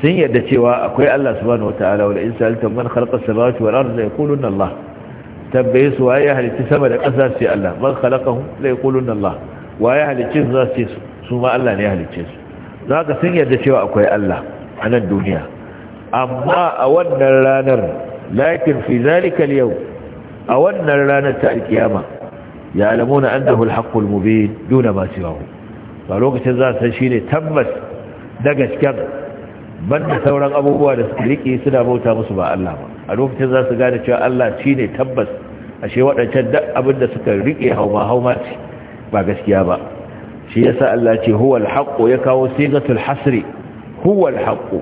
sun yarda cewa akwai Allah subhanahu wataala wal insalta man khalaqa as-samawati wal arda yaquluna Allah tabbaye su waye halitta sama da ƙasa sai Allah man khalaqahu la yaquluna Allah waye halicce su sai su ma Allah ne halicce su zaka sun yarda cewa akwai Allah a nan duniya amma a wannan ranar lakin fi yau a wannan ranar ta alkiyama ya alamuna annahu alhaqqul mubin duna ma siwahu ba lokacin za san shine tabbas da gaskiyar banda sauran abubuwa da suka rike suna bauta musu ba Allah ba a lokacin za su gane cewa Allah shine tabbas ashe waɗancan duk abin da suka rike hauma hauma ba gaskiya ba shi yasa Allah ce huwa alhaqqu ya kawo sigatul hasri huwa alhaqqu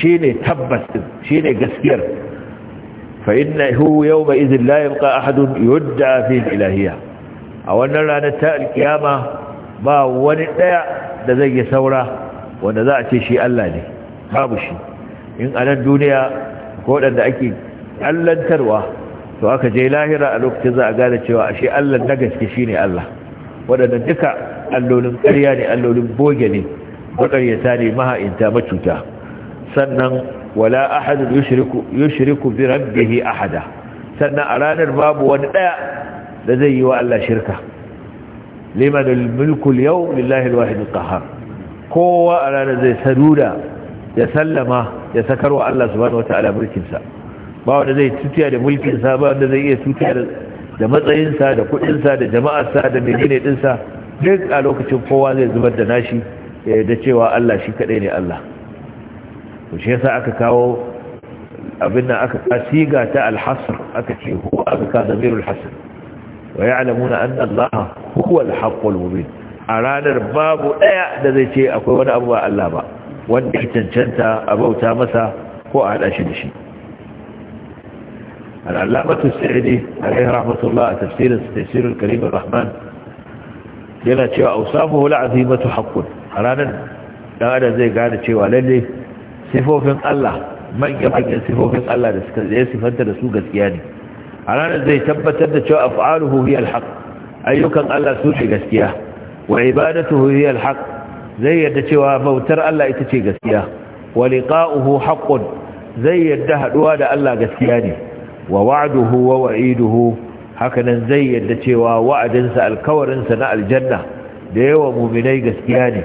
shine tabbas shine gaskiyar yau فإنه يومئذ لا يبقى أحد يدعى فيه الإلهية أو أن لا نتاء القيامة ما هو ندعى لذي سورة ونذعت شيء الله لي babu shi in a nan duniya ko waɗanda ake allantarwa to aka je lahira a lokacin za a gane cewa ashe Allah na gaske shi ne allah waɗanda duka allolin karya ne allolin boge ne maƙaryata ne maha'inta macuta sannan wala ahadun yushriku bi rabbihi ahada sannan a ranar babu wani daya da zai yi wa Allah shirka liman al-mulku al-yawm lillahi al kowa a ranar zai saduda ya sallama ya wa Allah subhanahu wataala mulkin sa ba wanda zai tutiya da mulkin sa ba wanda zai iya tutiya da matsayin sa da kudin sa da jama'ar sa da menene din sa duk a lokacin kowa zai zubar da nashi da cewa Allah shi kadai ne Allah to shi yasa aka kawo abin aka asiga ta alhasr aka ce huwa aka ka zamirul hasr wa ya'lamuna anna Allah huwa al-haqqul mubin a ranar babu daya da zai ce akwai wani abu ba Allah ba wanda ya cancanta a bauta masa ko a hada shi da shi العلامة السعدي عليه رحمة الله تفسير تفسير الكريم الرحمن yana cewa ausafuhu la'azimatu haqqun ranan dan adam zai gane cewa lalle sifofin Allah manyan sifofin Allah da suka zai sifanta da su gaskiya ne a ranar zai tabbatar da cewa af'aluhu hiya alhaq ayyukan Allah su ce gaskiya wa ibadatuhu hiya alhaq zai yadda cewa bautar Allah ita ce gaskiya wa liqa'uhu haqqun zai yadda haduwa da Allah gaskiya ne wa wa'duhu wa wa'iduhu hakanan zai yadda cewa wa'adinsa alkawarinsa na aljanna da yawa mu'minai gaskiya ne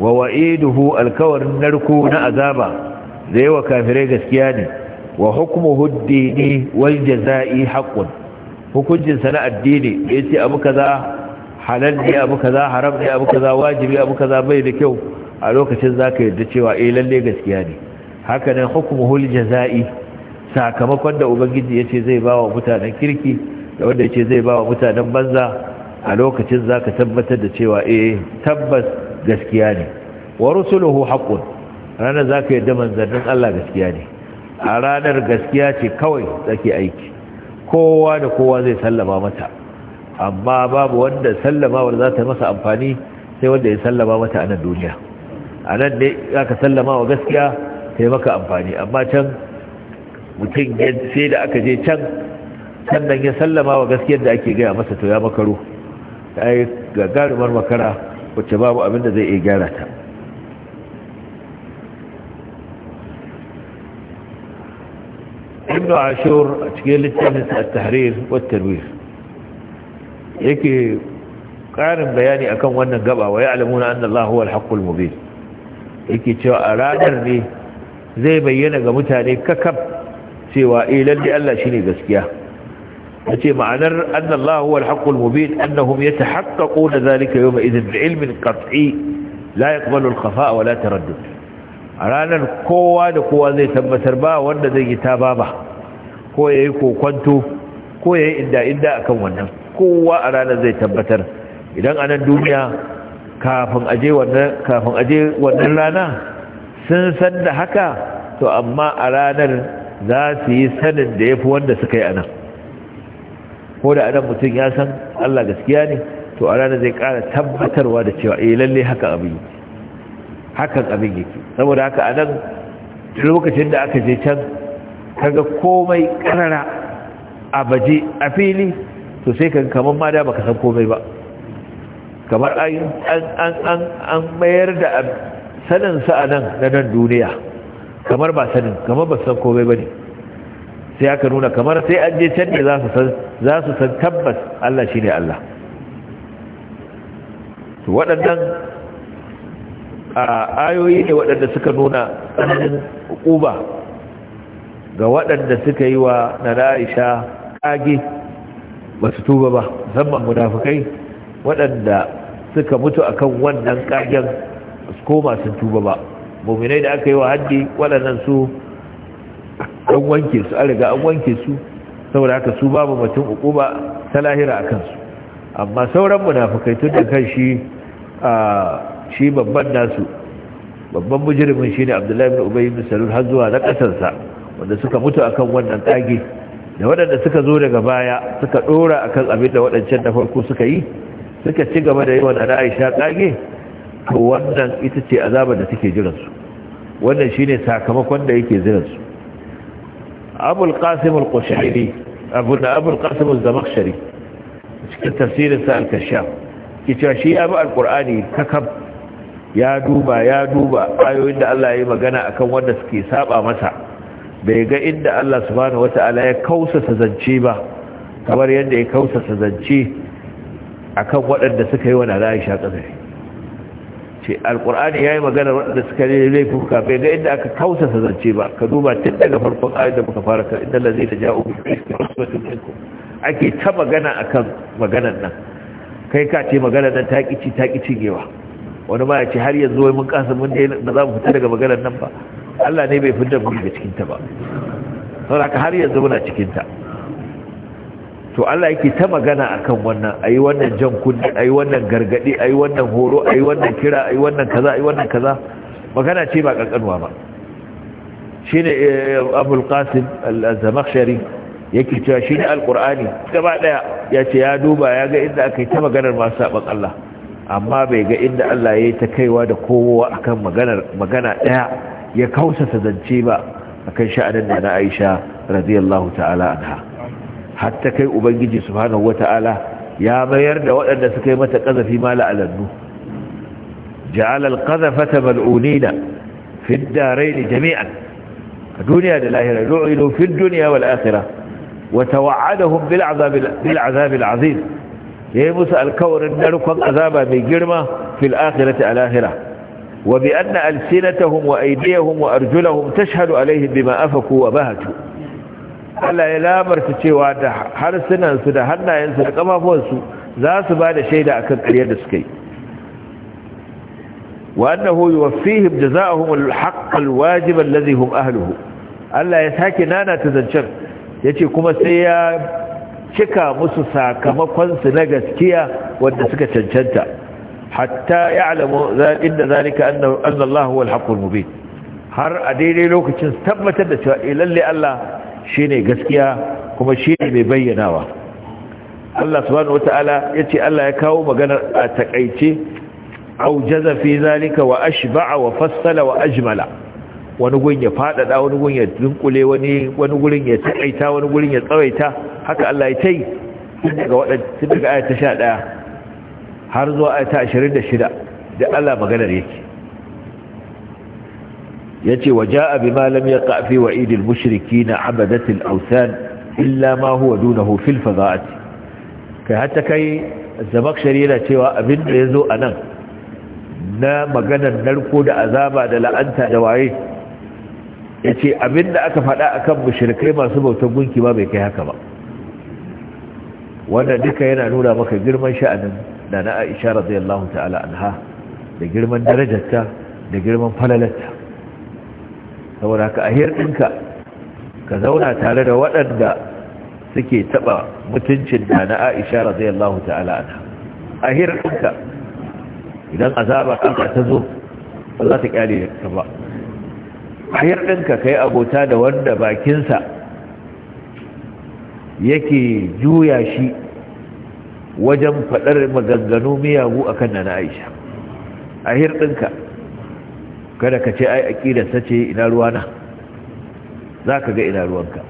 wa wa'iduhu alkawarin narko na azaba da wa kafirai gaskiya ne wa hukmuhu ad-dini wal jazaa'i haqqun hukuncin sana addini yace abu kaza halal ne abu kaza haram ne abu kaza wajibi abu kaza bai da kyau a lokacin zaka yarda cewa eh lalle gaskiya ne haka nan hukmuhu hul jaza'i sakamakon da ubangiji yace zai bawa mutanen kirki da wanda yace zai bawa mutanen banza a lokacin zaka tabbatar da cewa eh tabbas gaskiya ne wa rusuluhu haqqun ranar zaka yadda manzannin Allah gaskiya ne a ranar gaskiya ce kawai zake aiki kowa da kowa zai sallama mata amma babu wanda sallama wanda za ta masa amfani sai wanda ya sallama mata a nan duniya a nan ne zaka sallama wa gaskiya sai maka amfani amma can mutum sai da aka je can sannan ya sallama wa gaskiyar da ake gaya masa to ya makaro ta yi gagarumar makara wacce babu abin da zai iya gyara ta ibnu ashur a cikin littafin at-tahrir wa at yake karin bayani akan wannan gaba wa ya'lamuna anna Allah huwa al-haqqul mubin yake cewa a ranar ne zai bayyana ga mutane kakab cewa eh lalle Allah shine gaskiya yace ma'anar annallahu huwal haqqul mubin annahum yatahaqqaquna dhalika yawma idhin ilmin qat'i la yaqbalu al a wala la a ranar kowa da kowa zai tabbatar ba wanda zai yi ta baba ko yi kokonto ko yi inda inda kan wannan kowa a ranar zai tabbatar idan anan duniya kafin aje wannan wannan rana sun san da haka to amma a ranar za su yi sanin da ya fi wanda suka yi anan ko da adam mutum ya san Allah gaskiya ne to a ranar zai ƙara tabbatarwa da cewa eh lalle haka abin hakan abin yake saboda haka a nan lokacin da aka je can kaga komai karara a baje a fili to sai kan kamar ma da baka san komai ba kamar an an an an mayar da sanin sa a nan na nan duniya kamar ba sanin kamar ba san komai bane sai aka nuna kamar sai an je can ne za su san tabbas Allah shi ne Allah waɗannan ayoyi ne waɗanda suka nuna tsananin ƙuba ga waɗanda suka yi wa na ra'isha ƙage ba su tuba ba musamman munafukai waɗanda suka mutu akan wannan ƙagen su koma sun tuba ba muminai da aka yi wa haddi waɗannan su an wanke su an riga an wanke su saboda haka su babu mutum uku ba ta lahira a kansu amma sauran munafukai tun da kan shi a shi babban nasu babban shi ne Abdullahi bin Ubay bin Salul har zuwa na kasarsa wanda suka mutu akan wannan ɗage da waɗanda suka zo daga baya suka dora akan abin da waɗancan da farko suka yi suka ci gaba da yawan a Aisha tsage to wannan ita ce azabar da take jiransu wannan shine sakamakon da yake jiransu abul qasim al-qushayri abu da qasim al-zamakhshari cikin tafsirin sa al-kashaf kicewa shi abu al-qur'ani kakab ya duba ya duba ayoyin da Allah ya yi magana akan wanda suke saba masa bai ga inda Allah subhanahu wata'ala ya kausasa zance ba kamar yadda ya kausasa zance akan waɗanda suka yi wa na Aisha kadari ce alkur'ani ya yi magana waɗanda suka ne laifuka bai ga inda aka kausasa zance ba ka duba tun daga farkon ayat da muka fara kan inda lazai da ja'u ake ta magana a kan maganan nan kai ka ce maganar nan ta kici ta kici gewa wani ma ya ce har yanzu wai mun kasa mun da na za mu fita daga maganar nan ba Allah ne bai da mu daga cikin ta ba saboda har yanzu muna cikin ta to Allah yake ta magana akan wannan ayi wannan jan kunni ayi wannan gargadi ayi wannan horo ayi wannan kira ayi wannan kaza ayi wannan kaza magana ce ba kankanwa ba shine eh, Abul Qasim Al-Zamakhshari yake cewa shine Al-Qur'ani gaba daya yace ya duba ya ga inda akai ta maganar masu saban Allah amma bai ga inda Allah yayi ta kaiwa da kowa akan maganar magana daya ya kausa zance ba akan sha'anin da na Aisha radiyallahu ta'ala anha hatta kai ubangiji subhanahu wata'ala ya mayar da waɗanda suka yi mata kazafi ma la'alannu ja'ala al-qazafata mal'unina fi ad-darain jami'an a duniya da lahira lu'inu fi ad-dunya wal akhirah wa tawa'adahum bil 'azab bil 'azab al-'azim yayi musu alkawarin narkon azaba mai girma fil akhirati al-akhirah وبأن ألسنتهم وأيديهم وأرجلهم تشهد عليهم بما أفكوا وبهتوا Allah ya labarta cewa da harsunansu da hannayensu da kafafuwansu za su ba da shaida akan ƙaryar da suka yi wa annahu yuwaffihim jazaa'uhum al-haqq al-wajib alladhi hum ahluhu Allah ya sake nana ta zancen yace kuma sai ya cika musu sakamakon su na gaskiya wanda suka cancanta hatta ya'lamu inda zalika anna Allah huwa al-haqq al-mubin har a daidai lokacin tabbatar da cewa eh, lalle Allah Shi ne gaskiya kuma shi ne mai bayyanawa Allah subhanahu wataala ce Allah ya kawo maganar a takaice jaza fi zalika wa ashba'a wa fassala wa ajmala wani gun ya faɗaɗa, wani gun ya dunkule wani wani gurin ya takaita wani gurin ya tsawaita haka Allah ya tai daga wadannan daga ayata 11 har zuwa ayata 26 da Allah maganar yake yace wa jaa bima lam yaqa fi wa'id al-mushrikeena 'abadat al illa ma huwa dunahu fil fadha'ati kai hatta kai zamakshari yana cewa abin da a nan na maganar narko da azaba da la'anta da waye yace abin da aka faɗa a kan mushrikai masu bautar gunki ba bai kai haka ba wanda duka yana nuna maka girman sha'anin da na Aisha radiyallahu ta'ala anha da girman darajarta da girman falalarta saboda ka a hirɗinka ka zauna tare da waɗanda suke taɓa mutuncin da na aisha radiyallahu ta'ala ana a hirɗinka idan azaba kanka ta zo ba za ta kyale ka ba a hirɗinka ka yi abota da wanda bakinsa yake juya shi wajen faɗar maganganu miyagu akan na na aisha a hirɗinka kada ka ce ai aqidarsa ce ina ruwana zaka ga ina ruwanka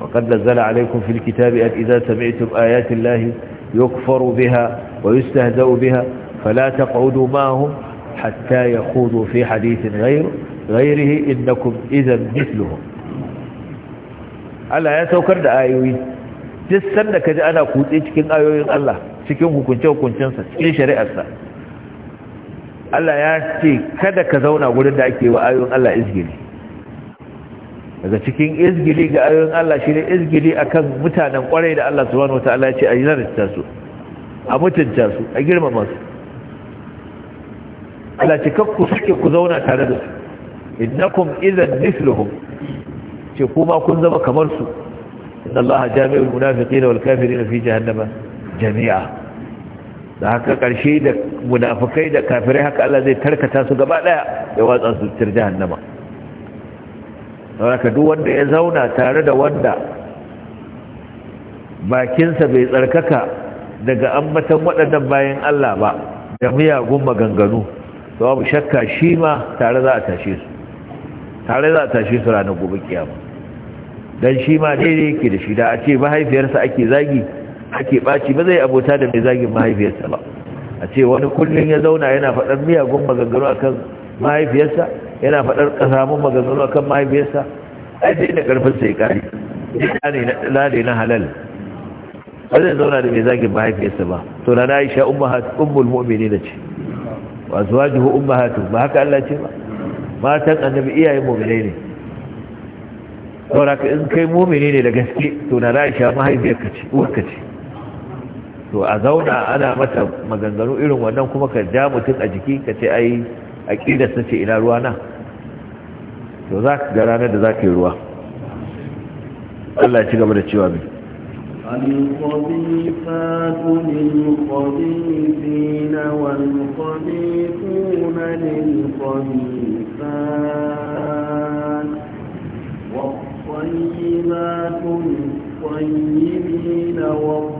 وقد نزل عليكم في الكتاب أن إذا سمعتم آيات الله biha بها ويستهزأ بها فلا تقعدوا معهم حتى يخوضوا في حديث غير غيره إنكم إذا مثلهم Allah ya saukar da ayoyi duk sanda kaji ana kutse cikin ayoyin Allah cikin hukunce-hukuncensa cikin shari'arsa Allah ya ce kada ka zauna gudun da ake wa ayoyin Allah izgili daga cikin izgili ga ayoyin Allah shi ne izgili akan mutanen kwarai da Allah wata Allah ya ce a yi yarda su a mutunta su a girmama su Allah ce kakku suke ku zauna tare da su innakum izan mithluhum ce kuma kun zama kamar su inna Allah jami'ul munafiqina wal kafirina fi jahannama jami'a da haka ƙarshe da munafukai da kafirai haka Allah zai tarkata su gaba ɗaya ya watsa su cikin jahannama haka duk wanda ya zauna tare da wanda bakinsa bai tsarkaka daga ambatan waɗannan bayan Allah ba da miyagun maganganu to babu shakka shi ma tare za a tashe su tare za a tashe su ranar gobe kiyama dan shi ma daidai yake da shi da a ce mahaifiyarsa ake zagi ake baci ba zai abota da mai zagin mahaifiyarsa ba a ce wani kullum ya zauna yana faɗar miyagun maganganu akan mahaifiyarsa yana faɗar ƙasamun maganganu akan mahaifiyarsa ai sai da ƙarfin sai ƙari lade na halal ba zai zauna da mai zagin mahaifiyarsa ba to na aisha ummul mu'mini da ce wa zuwajuhu ummahatu ba haka Allah ce ba matan annabi iyayen mu'minai ne saboda in kai mu'mini ne da gaske to na aisha mahaifiyarka ce uwarka ce to a zauna ana mata maganganu irin wannan kuma ka ja mutum a jiki ka ce ai aƙidar ta ce ina ruwa na to za ka ga ranar da za ka yi ruwa Allah ci gaba da cewa mai الخبيثات للخبيثين والخبيثون للخبيثات والطيبات للطيبين والطيبين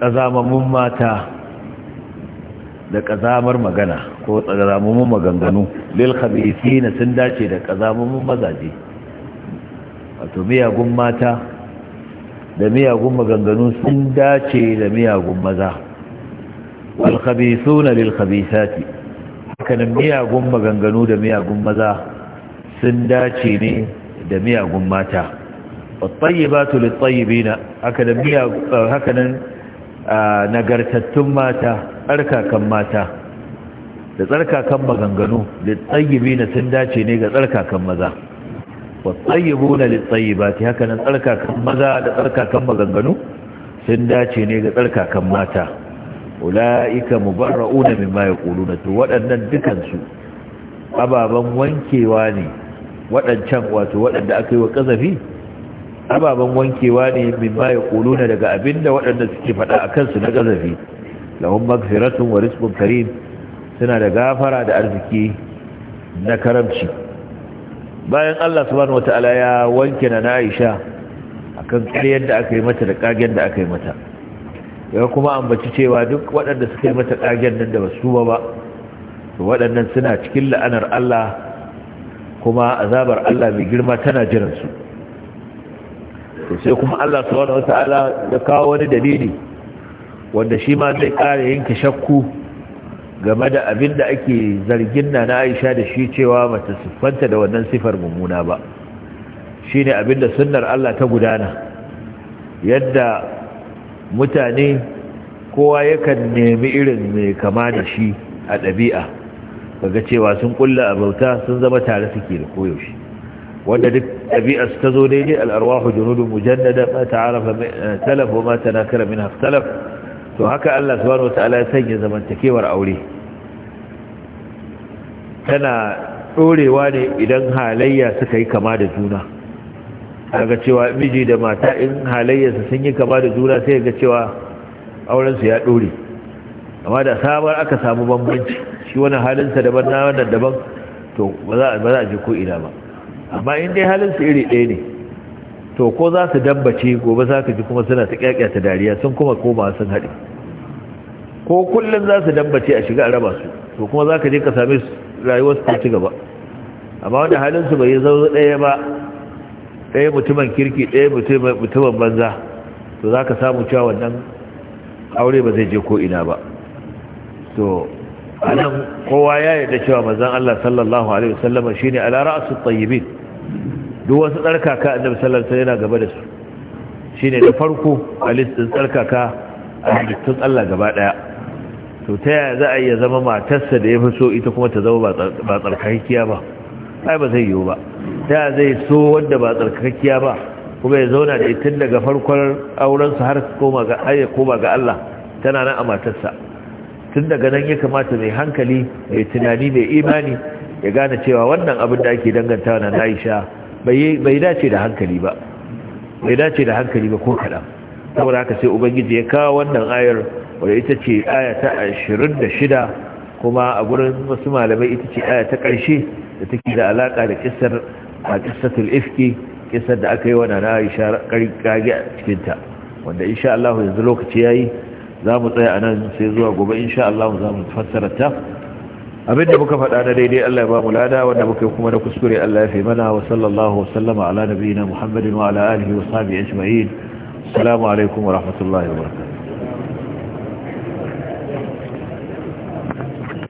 ƙazamamin mata da ƙazamar magana ko ƙazamamin maganganu lil khabithina sun dace da ƙazamamin mazaje wato miyagun mata da miyagun maganganu sun dace da miyagun maza wal khabithuna lil khabithati hakanan miyagun maganganu da miyagun maza sun dace ne da miyagun mata Ba والطيبات للطيبين هكذا هكذا nagartattun mata tsarkakan mata da tsarkakan maganganu litsayibi na sun dace ne ga tsarkakan maza watsayibu na litsayibati haka nan tsarkakan maza da tsarkakan maganganu sun dace ne ga tsarkakan mata ula'ika maye mimma na? to waɗannan dukansu ababan wankewa ne waɗancan wato waɗanda aka yi wa ƙazafi ababen wankewa ne min ma ya kuluna daga abinda waɗanda suke faɗa a kansu na ƙazafi lahun magfiratun wa rizkun karim suna da gafara da arziki na karamci bayan Allah subhanahu wataala ya wanke na Aisha kan ƙaryar da aka yi mata da ƙagen da aka yi mata ya kuma ambaci cewa duk waɗanda suka yi mata kagen nan da basu ba ba waɗannan suna cikin la'anar Allah kuma azabar Allah mai girma tana jiransu to sai kuma Allah subhanahu wataala ya kawo wani dalili wanda shi ma zai kare yanke shakku game da abin da ake zargin na na Aisha da shi cewa mata siffanta da wannan sifar mummuna ba shine abin da sunnar Allah ta gudana yadda mutane kowa yakan nemi irin mai kama da shi a ɗabi'a kaga cewa sun kulla abauta sun zama tare suke da koyaushe wanda duk ɗabi'ar ta zo daidai al'arwahu junudun mujannada ma arafa talaf eh, wa ma tanakara min haftalaf to haka Allah subhanahu wata'ala ya sanya zamantakewar aure tana ɗorewa ne idan halayya suka yi kama da juna daga cewa miji da mata in halayya su sun yi kama da juna sai ga cewa aurensu ya ɗore amma da sabar aka samu bambanci shi wani halinsa daban na wannan daban to ba za a ji ko ina ba amma in dai halin su iri ɗaya ne to ko za su dambace gobe za ka ji kuma suna ta ta dariya sun kuma koma sun haɗe ko kullum za su dambace a shiga a raba su to kuma za ka je ka same rayuwar su ci gaba amma wanda halin su bai yi zaune ɗaya ba ɗaya mutumin kirki ɗaya mutumin banza to za ka samu cewa wannan aure ba zai je ko ina ba to nan kowa ya yarda cewa mazan Allah sallallahu alaihi wasallama ne ala ra'asu tayyibin duk wasu tsarkaka annabi sallallahu yana gaba da su shine da farko a listin tsarkaka a halittun Allah gaba daya to ta yaya za a iya zama matarsa da ya fi so ita kuma ta zama ba tsarkakiya ba ai ba zai yiwu ba ta zai so wanda ba tsarkakiya ba kuma ya zauna da tun daga farkon aurensa har koma ga koma ga Allah tana nan a matarsa tun daga nan ya kamata mai hankali mai tunani mai imani ya gane cewa wannan abin da ake dangantawa na Aisha bai dace da hankali ba bai dace da hankali ba ko kaɗan saboda haka sai ubangiji ya kawo wannan ayar wadda ita ce aya ta shida kuma a gurin wasu malamai ita ce aya ta ƙarshe da take da alaƙa da kisar a ƙisar ifki ƙisar da aka yi wa nana aisha ƙarƙage a cikinta wanda insha Allah yanzu lokaci yayi za mu tsaya a nan sai zuwa gobe insha Allah za mu fassara ta abin da muka faɗa na daidai Allah ya ba mu lada wanda muke kuma na kuskure Allah ya fi mana wa sallallahu wa sallama ala nabiyina Muhammadin wa ala alihi wa sahbihi ajma'in assalamu alaikum wa rahmatullahi wa barakatuh